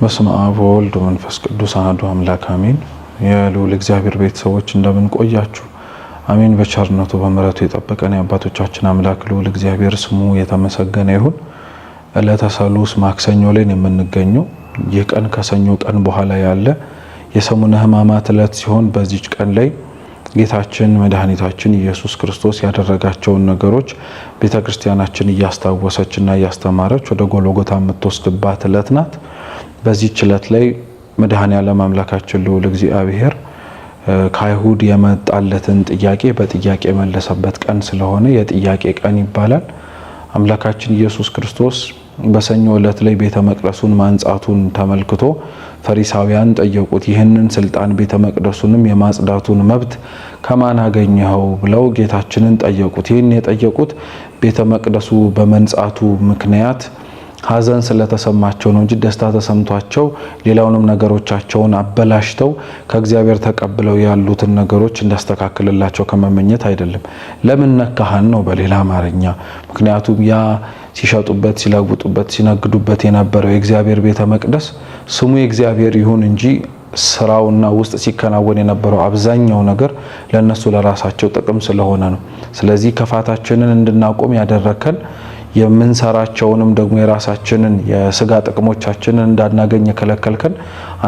በስመ አብ ወወልድ መንፈስ ቅዱስ አሐዱ አምላክ አሜን። የልዑል እግዚአብሔር ቤተሰቦች እንደምን ቆያችሁ? አሜን። በቸርነቱ በምሕረቱ የጠበቀን የአባቶቻችን አምላክ ልዑል እግዚአብሔር ስሙ የተመሰገነ ይሁን። ዕለተ ሰሉስ ማክሰኞ ላይ ነው የምንገኘው። ይህ ቀን ከሰኞ ቀን በኋላ ያለ የሰሙነ ሕማማት ዕለት ሲሆን በዚች ቀን ላይ ጌታችን መድኃኒታችን ኢየሱስ ክርስቶስ ያደረጋቸውን ነገሮች ቤተ ክርስቲያናችን እያስታወሰችና እያስተማረች ወደ ጎልጎታ የምትወስድባት እለት ናት። በዚህች እለት ላይ መድኃኔ ዓለም አምላካችን ልዑል እግዚአብሔር ከአይሁድ የመጣለትን ጥያቄ በጥያቄ የመለሰበት ቀን ስለሆነ የጥያቄ ቀን ይባላል። አምላካችን ኢየሱስ ክርስቶስ በሰኞ ዕለት ላይ ቤተ መቅደሱን ማንጻቱን ተመልክቶ ፈሪሳውያን ጠየቁት። ይህንን ስልጣን ቤተ መቅደሱንም የማጽዳቱን መብት ከማን አገኘኸው ብለው ጌታችንን ጠየቁት። ይህን የጠየቁት ቤተ መቅደሱ በመንጻቱ ምክንያት ሀዘን ስለተሰማቸው ነው እንጂ ደስታ ተሰምቷቸው ሌላውንም ነገሮቻቸውን አበላሽተው ከእግዚአብሔር ተቀብለው ያሉትን ነገሮች እንዳስተካክልላቸው ከመመኘት አይደለም። ለምን ነካህን ነው በሌላ አማርኛ። ምክንያቱም ያ ሲሸጡበት፣ ሲለውጡበት፣ ሲነግዱበት የነበረው የእግዚአብሔር ቤተ መቅደስ ስሙ የእግዚአብሔር ይሁን እንጂ ስራውና ውስጥ ሲከናወን የነበረው አብዛኛው ነገር ለእነሱ ለራሳቸው ጥቅም ስለሆነ ነው። ስለዚህ ከፋታችንን እንድናቆም ያደረከን የምንሰራቸውንም ደግሞ የራሳችንን የስጋ ጥቅሞቻችንን እንዳናገኝ የከለከልከን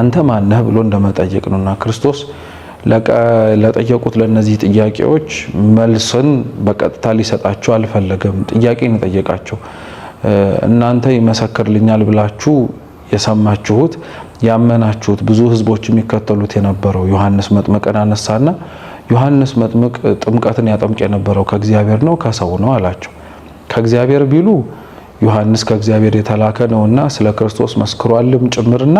አንተ ማነህ ብሎ እንደመጠየቅ ነውና ክርስቶስ ለጠየቁት ለእነዚህ ጥያቄዎች መልስን በቀጥታ ሊሰጣቸው አልፈለገም። ጥያቄን የጠየቃቸው እናንተ ይመሰክርልኛል ብላችሁ የሰማችሁት ያመናችሁት ብዙ ህዝቦች የሚከተሉት የነበረው ዮሐንስ መጥምቅን አነሳና ዮሐንስ መጥምቅ ጥምቀትን ያጠምቅ የነበረው ከእግዚአብሔር ነው ከሰው ነው አላቸው። ከእግዚአብሔር ቢሉ ዮሐንስ ከእግዚአብሔር የተላከ ነውና ስለ ክርስቶስ መስክሯልም ጭምርና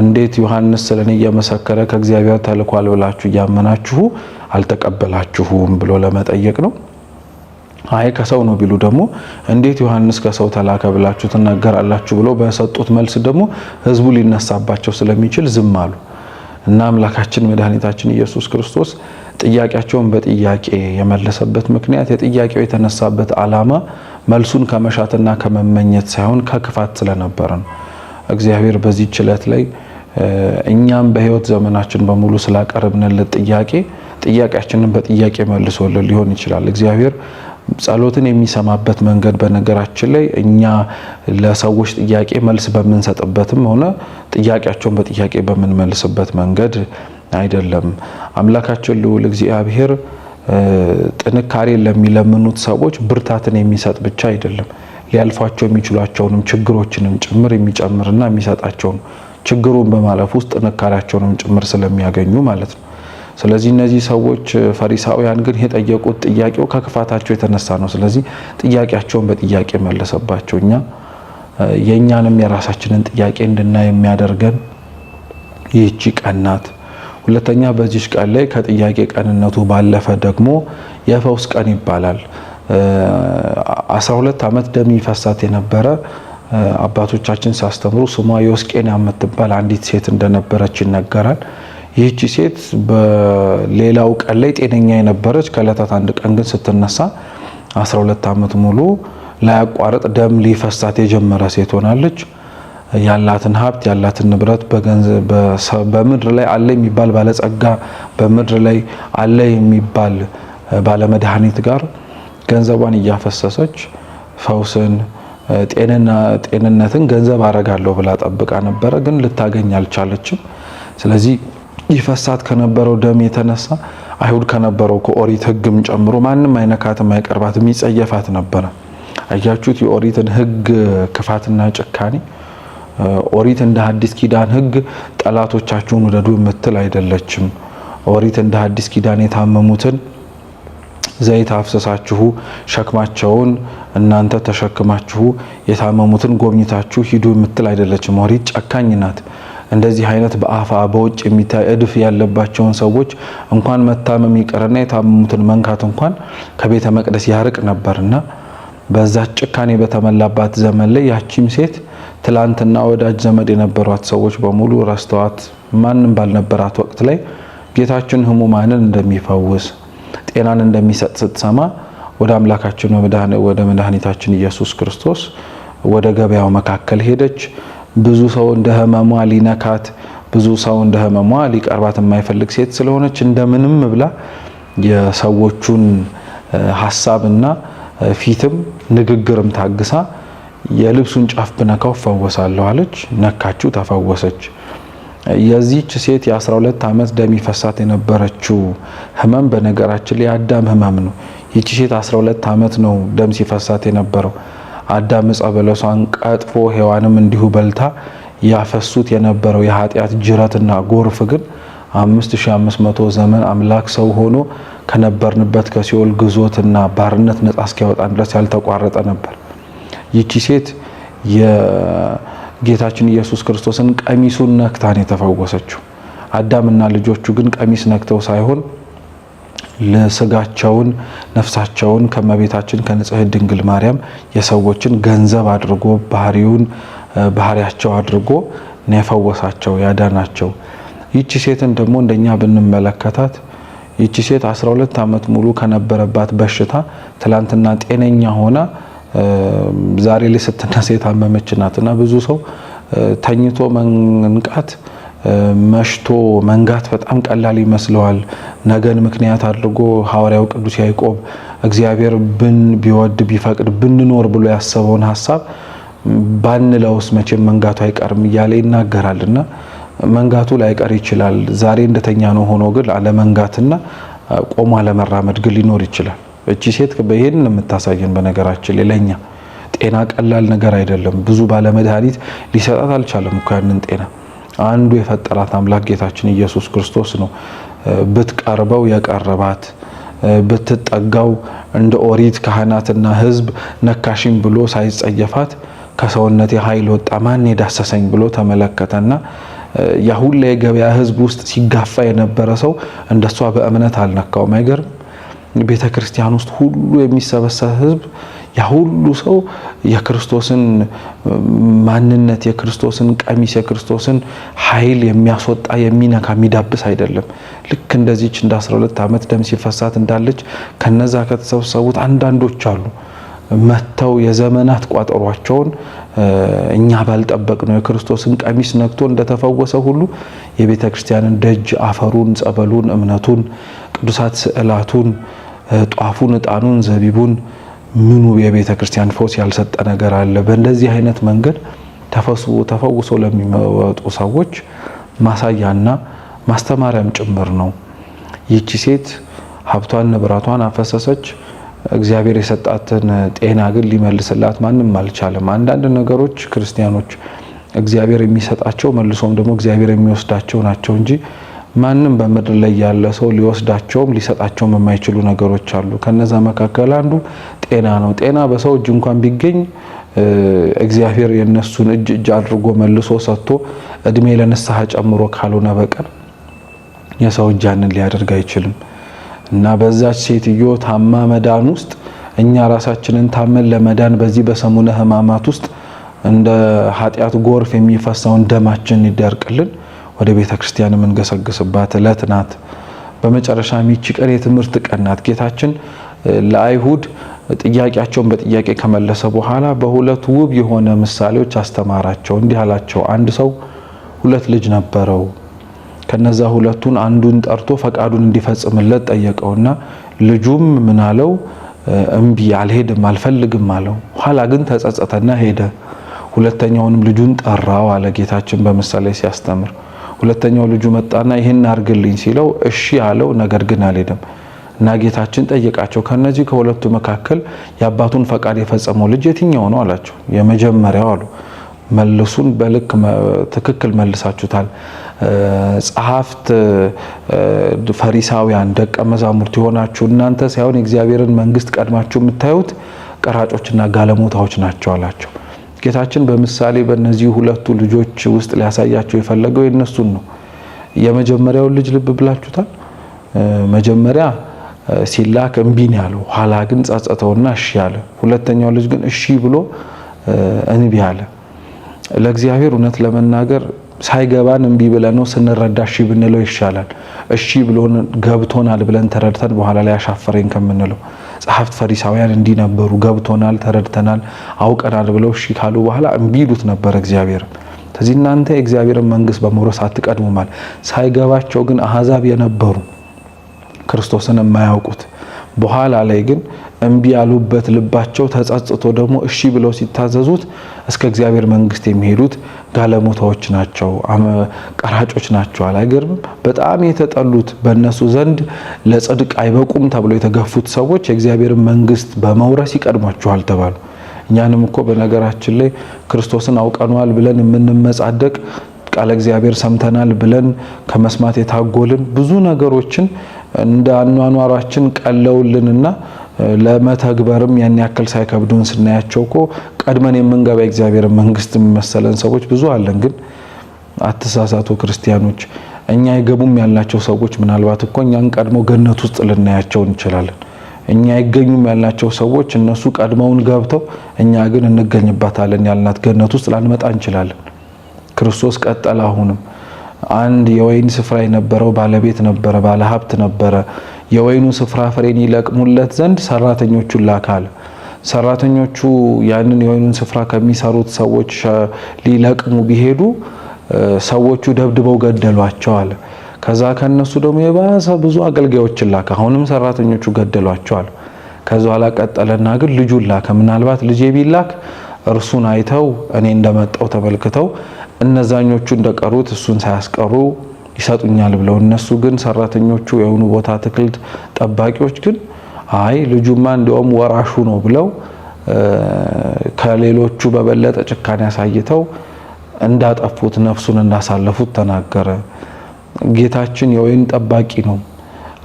እንዴት ዮሐንስ ስለ እኔ እየመሰከረ ከእግዚአብሔር ተልኳል ብላችሁ እያመናችሁ አልተቀበላችሁም ብሎ ለመጠየቅ ነው። አይ ከሰው ነው ቢሉ ደግሞ እንዴት ዮሐንስ ከሰው ተላከ ብላችሁ ትናገራላችሁ ብሎ በሰጡት መልስ ደግሞ ህዝቡ ሊነሳባቸው ስለሚችል ዝም አሉ እና አምላካችን መድኃኒታችን ኢየሱስ ክርስቶስ ጥያቄያቸውን በጥያቄ የመለሰበት ምክንያት የጥያቄው የተነሳበት ዓላማ መልሱን ከመሻትና ከመመኘት ሳይሆን ከክፋት ስለነበረ ነው። እግዚአብሔር በዚህ ችለት ላይ እኛም በህይወት ዘመናችን በሙሉ ስላቀረብንለት ጥያቄ ጥያቄያችንን በጥያቄ መልሶልን ሊሆን ይችላል። እግዚአብሔር ጸሎትን የሚሰማበት መንገድ በነገራችን ላይ እኛ ለሰዎች ጥያቄ መልስ በምንሰጥበትም ሆነ ጥያቄያቸውን በጥያቄ በምንመልስበት መንገድ አይደለም። አምላካችን ልዑል እግዚአብሔር ጥንካሬ ለሚለምኑት ሰዎች ብርታትን የሚሰጥ ብቻ አይደለም፣ ሊያልፏቸው የሚችሏቸውንም ችግሮችንም ጭምር የሚጨምርና የሚሰጣቸው ነው። ችግሩን በማለፍ ውስጥ ጥንካሬያቸውንም ጭምር ስለሚያገኙ ማለት ነው። ስለዚህ እነዚህ ሰዎች ፈሪሳውያን ግን የጠየቁት ጥያቄው ከክፋታቸው የተነሳ ነው። ስለዚህ ጥያቄያቸውን በጥያቄ መለሰባቸው። እኛ የእኛንም የራሳችንን ጥያቄ እንድናይ የሚያደርገን ይህቺ ቀናት ሁለተኛ በዚች ቀን ላይ ከጥያቄ ቀንነቱ ባለፈ ደግሞ የፈውስ ቀን ይባላል። 12 ዓመት ደም ይፈሳት የነበረ አባቶቻችን ሳስተምሩ ስሟ ዮስቄና የምትባል አንዲት ሴት እንደነበረች ይነገራል። ይህቺ ሴት በሌላው ቀን ላይ ጤነኛ የነበረች ከእለታት አንድ ቀን ግን ስትነሳ 12 ዓመት ሙሉ ላያቋረጥ ደም ሊፈሳት የጀመረ ሴት ሆናለች። ያላትን ሀብት ያላትን ንብረት በምድር ላይ አለ የሚባል ባለጸጋ በምድር ላይ አለ የሚባል ባለመድኃኒት ጋር ገንዘቧን እያፈሰሰች ፈውስን፣ ጤንነትን ገንዘብ አረጋለሁ ብላ ጠብቃ ነበረ፣ ግን ልታገኝ አልቻለችም። ስለዚህ ይፈሳት ከነበረው ደም የተነሳ አይሁድ ከነበረው ከኦሪት ሕግም ጨምሮ ማንም አይነካትም፣ አይቀርባትም፣ ይጸየፋት ነበረ። አያችሁት የኦሪትን ሕግ ክፋትና ጭካኔ ኦሪት እንደ ሐዲስ ኪዳን ህግ ጠላቶቻችሁን ውደዱ የምትል አይደለችም። ኦሪት እንደ ሐዲስ ኪዳን የታመሙትን ዘይት አፍሰሳችሁ ሸክማቸውን እናንተ ተሸክማችሁ የታመሙትን ጎብኝታችሁ ሂዱ የምትል አይደለችም። ኦሪት ጨካኝ ናት። እንደዚህ አይነት በአፋ በውጭ የሚታይ እድፍ ያለባቸውን ሰዎች እንኳን መታመም ይቅርና የታመሙትን መንካት እንኳን ከቤተ መቅደስ ያርቅ ነበርና በዛ ጭካኔ በተመላባት ዘመን ላይ ያቺም ሴት ትላንትና ወዳጅ ዘመድ የነበሯት ሰዎች በሙሉ ረስተዋት ማንም ባልነበራት ወቅት ላይ ጌታችን ህሙማንን እንደሚፈውስ ጤናን እንደሚሰጥ ስትሰማ ወደ አምላካችን ወደ መድኃኒታችን ኢየሱስ ክርስቶስ ወደ ገበያው መካከል ሄደች። ብዙ ሰው እንደ ህመሟ ሊነካት ብዙ ሰው እንደ ህመሟ ሊቀርባት የማይፈልግ ሴት ስለሆነች እንደምንም ብላ የሰዎቹን ሀሳብና ፊትም ንግግርም ታግሳ የልብሱን ጫፍ ብነካው እፈወሳለሁ አለች። ነካችው፣ ተፈወሰች። የዚች ሴት የ12 ዓመት ደም ይፈሳት የነበረችው ህመም በነገራችን ላይ አዳም ህመም ነው። ይቺ ሴት 12 ዓመት ነው ደም ሲፈሳት የነበረው። አዳም ዕፀ በለሷን ቀጥፎ ሔዋንም እንዲሁ በልታ ያፈሱት የነበረው የኃጢአት ጅረትና ጎርፍ ግን 5500 ዘመን አምላክ ሰው ሆኖ ከነበርንበት ከሲኦል ግዞትና ባርነት ነጻ እስኪያወጣን ድረስ ያልተቋረጠ ነበር። ይቺ ሴት የጌታችን ኢየሱስ ክርስቶስን ቀሚሱን ነክታን የተፈወሰችው። አዳምና ልጆቹ ግን ቀሚስ ነክተው ሳይሆን ለስጋቸውን ነፍሳቸውን ከመቤታችን ከንጽሕት ድንግል ማርያም የሰዎችን ገንዘብ አድርጎ ባህሪውን ባህሪያቸው አድርጎ ነው የፈወሳቸው ያዳናቸው። ይቺ ሴትን ደግሞ እንደኛ ብንመለከታት ይቺ ሴት 12 ዓመት ሙሉ ከነበረባት በሽታ ትላንትና ጤነኛ ሆና ዛሬ ላይ ስትነሳ የታመመች ናት እና ብዙ ሰው ተኝቶ መንቃት መሽቶ መንጋት በጣም ቀላል ይመስለዋል። ነገን ምክንያት አድርጎ ሐዋርያው ቅዱስ ያዕቆብ እግዚአብሔር ብን ቢወድ ቢፈቅድ ብንኖር ብሎ ያሰበውን ሀሳብ ባንለውስ መቼም መንጋቱ አይቀርም እያለ ይናገራል እና መንጋቱ ላይቀር ይችላል። ዛሬ እንደተኛ ነው ሆኖ ግን አለመንጋትና ቆሞ አለመራመድ ግን ሊኖር ይችላል። እቺ ሴት ይሄንን የምታሳየን በነገራችን ላይ ለእኛ ጤና ቀላል ነገር አይደለም። ብዙ ባለመድኃኒት ሊሰጣት አልቻለም እኮ ያንን ጤና አንዱ የፈጠራት አምላክ ጌታችን ኢየሱስ ክርስቶስ ነው። ብትቀርበው የቀረባት ብትጠጋው እንደ ኦሪት ካህናትና ሕዝብ ነካሽኝ ብሎ ሳይጸየፋት ከሰውነት የኃይል ወጣ ማን የዳሰሰኝ ብሎ ተመለከተና ያሁላ የገበያ ሕዝብ ውስጥ ሲጋፋ የነበረ ሰው እንደሷ በእምነት አልነካውም። አይገርም? ቤተ ክርስቲያን ውስጥ ሁሉ የሚሰበሰብ ህዝብ ያ ሁሉ ሰው የክርስቶስን ማንነት የክርስቶስን ቀሚስ የክርስቶስን ኃይል የሚያስወጣ የሚነካ የሚዳብስ አይደለም። ልክ እንደዚች እንደ 12 ዓመት ደም ሲፈሳት እንዳለች ከነዛ ከተሰበሰቡት አንዳንዶች አሉ መጥተው የዘመናት ቋጠሯቸውን እኛ ባልጠበቅ ነው የክርስቶስን ቀሚስ ነክቶ እንደተፈወሰ ሁሉ የቤተ ክርስቲያንን ደጅ አፈሩን፣ ጸበሉን፣ እምነቱን፣ ቅዱሳት ስዕላቱን ጧፉን፣ እጣኑን፣ ዘቢቡን ምኑ የቤተ ክርስቲያን ፈውስ ያልሰጠ ነገር አለ? በእንደዚህ አይነት መንገድ ተፈውሶ ለሚመጡ ሰዎች ማሳያና ማስተማሪያም ጭምር ነው። ይቺ ሴት ሀብቷን ንብረቷን አፈሰሰች። እግዚአብሔር የሰጣትን ጤና ግን ሊመልስላት ማንም አልቻለም። አንዳንድ ነገሮች ክርስቲያኖች እግዚአብሔር የሚሰጣቸው መልሶም ደግሞ እግዚአብሔር የሚወስዳቸው ናቸው እንጂ ማንም በምድር ላይ ያለ ሰው ሊወስዳቸውም ሊሰጣቸውም የማይችሉ ነገሮች አሉ። ከነዛ መካከል አንዱ ጤና ነው። ጤና በሰው እጅ እንኳን ቢገኝ እግዚአብሔር የእነሱን እጅ እጅ አድርጎ መልሶ ሰጥቶ እድሜ ለንስሐ ጨምሮ ካልሆነ በቀር የሰው እጅ ያንን ሊያደርግ አይችልም እና በዛች ሴትዮ ታማ መዳን ውስጥ እኛ ራሳችንን ታመን ለመዳን በዚህ በሰሙነ ሕማማት ውስጥ እንደ ኃጢአት ጎርፍ የሚፈሰውን ደማችን ይደርቅልን። ወደ ቤተ ክርስቲያን የምንገሰግስባት እለት ናት። በመጨረሻ ይቺ ቀን የትምህርት ቀን ናት። ጌታችን ለአይሁድ ጥያቄያቸውን በጥያቄ ከመለሰ በኋላ በሁለት ውብ የሆነ ምሳሌዎች አስተማራቸው። እንዲህ አላቸው፣ አንድ ሰው ሁለት ልጅ ነበረው። ከነዛ ሁለቱን አንዱን ጠርቶ ፈቃዱን እንዲፈጽምለት ጠየቀውና ልጁም ምን አለው? እምቢ አልሄድም፣ አልፈልግም አለው። ኋላ ግን ተጸጸተና ሄደ። ሁለተኛውንም ልጁን ጠራው አለ ጌታችን በምሳሌ ሲያስተምር ሁለተኛው ልጁ መጣና ይሄን አርግልኝ ሲለው እሺ አለው። ነገር ግን አልሄደም እና ጌታችን ጠየቃቸው፣ ከነዚህ ከሁለቱ መካከል የአባቱን ፈቃድ የፈጸመው ልጅ የትኛው ነው አላቸው። የመጀመሪያው አሉ። መልሱን በልክ ትክክል መልሳችሁታል። ጸሐፍት ፈሪሳውያን፣ ደቀ መዛሙርት የሆናችሁ እናንተ ሳይሆን የእግዚአብሔርን መንግስት ቀድማችሁ የምታዩት ቀራጮችና ጋለሞታዎች ናቸው አላቸው። ጌታችን በምሳሌ በእነዚህ ሁለቱ ልጆች ውስጥ ሊያሳያቸው የፈለገው የእነሱን ነው። የመጀመሪያውን ልጅ ልብ ብላችሁታል። መጀመሪያ ሲላክ እምቢን ያለው፣ ኋላ ግን ጸጸተውና እሺ ያለ ሁለተኛው ልጅ ግን እሺ ብሎ እንቢ ያለ ለእግዚአብሔር እውነት ለመናገር ሳይገባን እምቢ ነው ስንረዳ እሺ ብንለው ይሻላል። እሺ ብሎን ገብቶናል ብለን ተረድተን በኋላ ላይ አሻፈረኝ ከምንለው ጸሐፍት ፈሪሳውያን እንዲነበሩ ገብቶናል፣ ተረድተናል፣ አውቀናል ብለው እሺ ካሉ በኋላ እምቢ ይሉት ነበር እግዚአብሔር። ስለዚህ እናንተ የእግዚአብሔርን መንግሥት በመውረስ አትቀድሙማል። ሳይገባቸው ግን አሕዛብ የነበሩ ክርስቶስን የማያውቁት በኋላ ላይ ግን እምቢ ያሉበት ልባቸው ተጸጽቶ ደግሞ እሺ ብለው ሲታዘዙት እስከ እግዚአብሔር መንግስት የሚሄዱት ጋለሞታዎች ናቸው፣ ቀራጮች ናቸው። አላይገርምም? በጣም የተጠሉት በእነሱ ዘንድ ለጽድቅ አይበቁም ተብሎ የተገፉት ሰዎች የእግዚአብሔር መንግስት በመውረስ ይቀድሟቸዋል ተባሉ። እኛንም እኮ በነገራችን ላይ ክርስቶስን አውቀኗል ብለን የምንመጻደቅ ቃለ እግዚአብሔር ሰምተናል ብለን ከመስማት የታጎልን ብዙ ነገሮችን እንደ አኗኗራችን ቀለውልንና ለመተግበርም ያን ያክል ሳይከብዱን ስናያቸው ኮ ቀድመን የምንገባ እግዚአብሔር መንግስት የሚመሰለን ሰዎች ብዙ አለን። ግን አትሳሳቱ ክርስቲያኖች፣ እኛ አይገቡም ያልናቸው ሰዎች ምናልባት እኮ እኛን ቀድመው ገነት ውስጥ ልናያቸው እንችላለን። እኛ አይገኙም ያልናቸው ሰዎች እነሱ ቀድመውን ገብተው እኛ ግን እንገኝባታለን ያልናት ገነት ውስጥ ላንመጣ እንችላለን። ክርስቶስ ቀጠለ። አሁንም አንድ የወይን ስፍራ የነበረው ባለቤት ነበረ፣ ባለሀብት ነበረ። የወይኑ ስፍራ ፍሬን ይለቅሙለት ዘንድ ሰራተኞቹን ላካል። ሰራተኞቹ ያንን የወይኑን ስፍራ ከሚሰሩት ሰዎች ሊለቅሙ ቢሄዱ ሰዎቹ ደብድበው ገደሏቸዋል። ከዛ ከነሱ ደግሞ የባሰ ብዙ አገልጋዮችን ላከ። አሁንም ሰራተኞቹ ገደሏቸዋል። ከዛ ኋላ ቀጠለና ግን ልጁን ላከ። ምናልባት ልጄ ቢላክ እርሱን አይተው እኔ እንደመጣው ተመልክተው እነዛኞቹ እንደቀሩት እሱን ሳያስቀሩ ይሰጡኛል ብለው እነሱ ግን ሰራተኞቹ የሆኑ ቦታ አትክልት ጠባቂዎች ግን አይ ልጁማ እንዲያውም ወራሹ ነው ብለው ከሌሎቹ በበለጠ ጭካኔ አሳይተው እንዳጠፉት ነፍሱን እንዳሳለፉት ተናገረ። ጌታችን የወይን ጠባቂ ነው።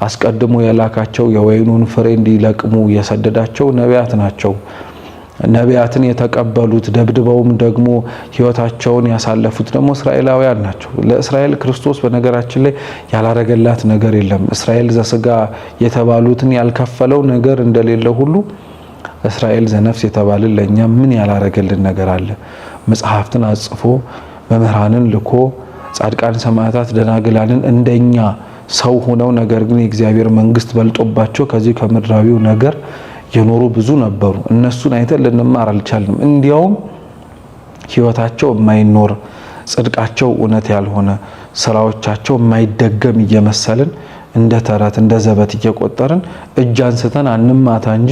አስቀድሞ የላካቸው የወይኑን ፍሬ እንዲለቅሙ የሰደዳቸው ነቢያት ናቸው። ነቢያትን የተቀበሉት ደብድበውም ደግሞ ህይወታቸውን ያሳለፉት ደግሞ እስራኤላውያን ናቸው። ለእስራኤል ክርስቶስ በነገራችን ላይ ያላረገላት ነገር የለም። እስራኤል ዘስጋ የተባሉትን ያልከፈለው ነገር እንደሌለ ሁሉ እስራኤል ዘነፍስ የተባለ ለእኛ ምን ያላረገልን ነገር አለ? መጽሐፍትን አጽፎ መምህራንን ልኮ ጻድቃን፣ ሰማዕታት፣ ደናግላንን እንደኛ ሰው ሆነው ነገር ግን የእግዚአብሔር መንግስት በልጦባቸው ከዚህ ከምድራዊው ነገር የኖሩ ብዙ ነበሩ። እነሱን አይተን ልንማር አልቻልንም። እንዲያውም ህይወታቸው የማይኖር ጽድቃቸው እውነት ያልሆነ ስራዎቻቸው የማይደገም እየመሰልን እንደ ተረት እንደ ዘበት እየቆጠርን እጅ አንስተን አንማታ እንጂ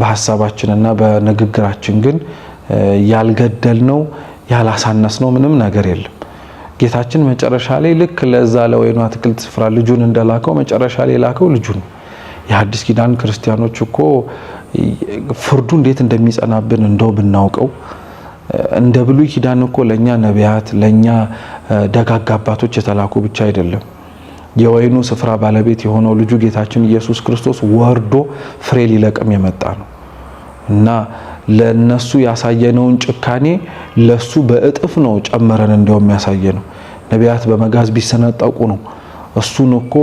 በሀሳባችንና በንግግራችን ግን ያልገደልነው ነው ምንም ነገር የለም። ጌታችን መጨረሻ ላይ ልክ ለዛ ለወይኑ አትክልት ስፍራ ልጁን እንደላከው መጨረሻ ላይ ላከው ልጁን የሐዲስ ኪዳን ክርስቲያኖች እኮ ፍርዱ እንዴት እንደሚጸናብን እንደው ብናውቀው እንደ ብሉይ ኪዳን እኮ ለእኛ ነቢያት ለእኛ ደጋግ አባቶች የተላኩ ብቻ አይደለም። የወይኑ ስፍራ ባለቤት የሆነው ልጁ ጌታችን ኢየሱስ ክርስቶስ ወርዶ ፍሬ ሊለቅም የመጣ ነው እና ለነሱ ያሳየነውን ጭካኔ ለሱ በእጥፍ ነው ጨመረን። እንደው ያሳየ ነው። ነቢያት በመጋዝ ቢሰነጠቁ ነው እሱን እኮ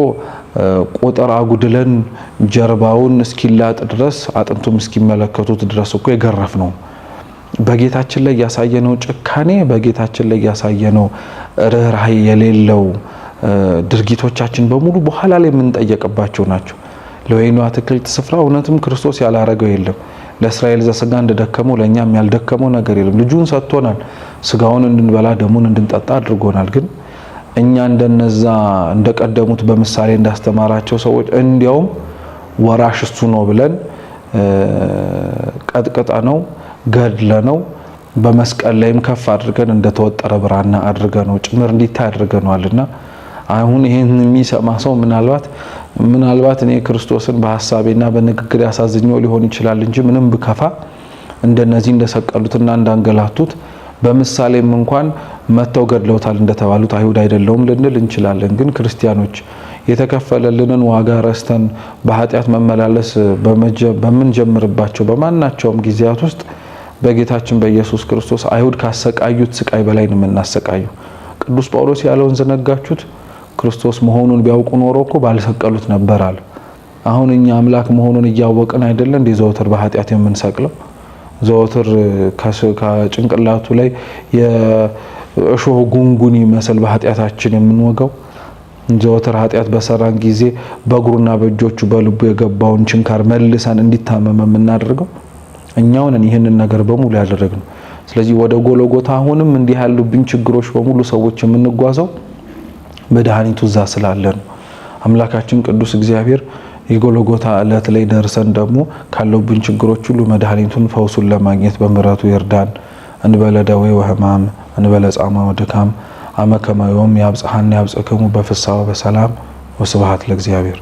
ቁጥር አጉድለን ጀርባውን እስኪላጥ ድረስ አጥንቱም እስኪመለከቱት ድረስ እኮ የገረፍ ነው። በጌታችን ላይ ያሳየነው ጭካኔ፣ በጌታችን ላይ ያሳየነው ርኅራኄ የሌለው ድርጊቶቻችን በሙሉ በኋላ ላይ የምንጠየቅባቸው ናቸው። ለወይኑ አትክልት ስፍራ እውነትም ክርስቶስ ያላረገው የለም። ለእስራኤል ዘስጋ እንደደከመው ለእኛም ያልደከመው ነገር የለም። ልጁን ሰጥቶናል። ስጋውን እንድንበላ ደሙን እንድንጠጣ አድርጎናል ግን እኛ እንደነዛ እንደቀደሙት በምሳሌ እንዳስተማራቸው ሰዎች እንዲያውም ወራሽ እሱ ነው ብለን ቀጥቅጠ ነው ገድለ ነው በመስቀል ላይም ከፍ አድርገን እንደተወጠረ ብራና አድርገ ነው ጭምር እንዲታይ አድርገነዋልና አሁን ይህን የሚሰማ ሰው ምናልባት ምናልባት እኔ ክርስቶስን በሀሳቤና በንግግር ያሳዝኘው ሊሆን ይችላል እንጂ ምንም ብከፋ እንደነዚህ እንደሰቀሉትና እንዳንገላቱት በምሳሌም እንኳን መተው ገድለውታል እንደተባሉት አይሁድ አይደለውም ልንል እንችላለን። ግን ክርስቲያኖች የተከፈለልንን ዋጋ ረስተን በኃጢአት መመላለስ በምንጀምርባቸው በማናቸውም ጊዜያት ውስጥ በጌታችን በኢየሱስ ክርስቶስ አይሁድ ካሰቃዩት ስቃይ በላይ ነው የምናሰቃየው። ቅዱስ ጳውሎስ ያለውን ዘነጋችሁት? ክርስቶስ መሆኑን ቢያውቁ ኖሮ እኮ ባልሰቀሉት ነበር አለ። አሁን እኛ አምላክ መሆኑን እያወቅን አይደለን እንዴ ዘወትር በኃጢአት የምንሰቅለው? ዘወትር ከጭንቅላቱ ላይ የእሾህ ጉንጉን ይመስል በኃጢአታችን የምንወጋው ዘወትር ኃጢአት በሰራን ጊዜ በእግሩና በእጆቹ በልቡ የገባውን ችንካር መልሰን እንዲታመመ የምናደርገው እኛው ነን። ይህንን ነገር በሙሉ ያደረግነው ስለዚህ ወደ ጎሎጎታ አሁንም እንዲህ ያሉብን ችግሮች በሙሉ ሰዎች የምንጓዘው መድኃኒቱ እዛ ስላለ ነው። አምላካችን ቅዱስ እግዚአብሔር የጎልጎታ ዕለት ላይ ደርሰን ደግሞ ካለብን ችግሮች ሁሉ መድኃኒቱን ፈውሱን ለማግኘት በምሕረቱ ይርዳን። እንበለ ደዌ ወሕማም እንበለ ጻማ ወድካም አመከማዮም ያብጽሐን ያብጽሕክሙ በፍስሐ በሰላም ወስብሐት ለእግዚአብሔር።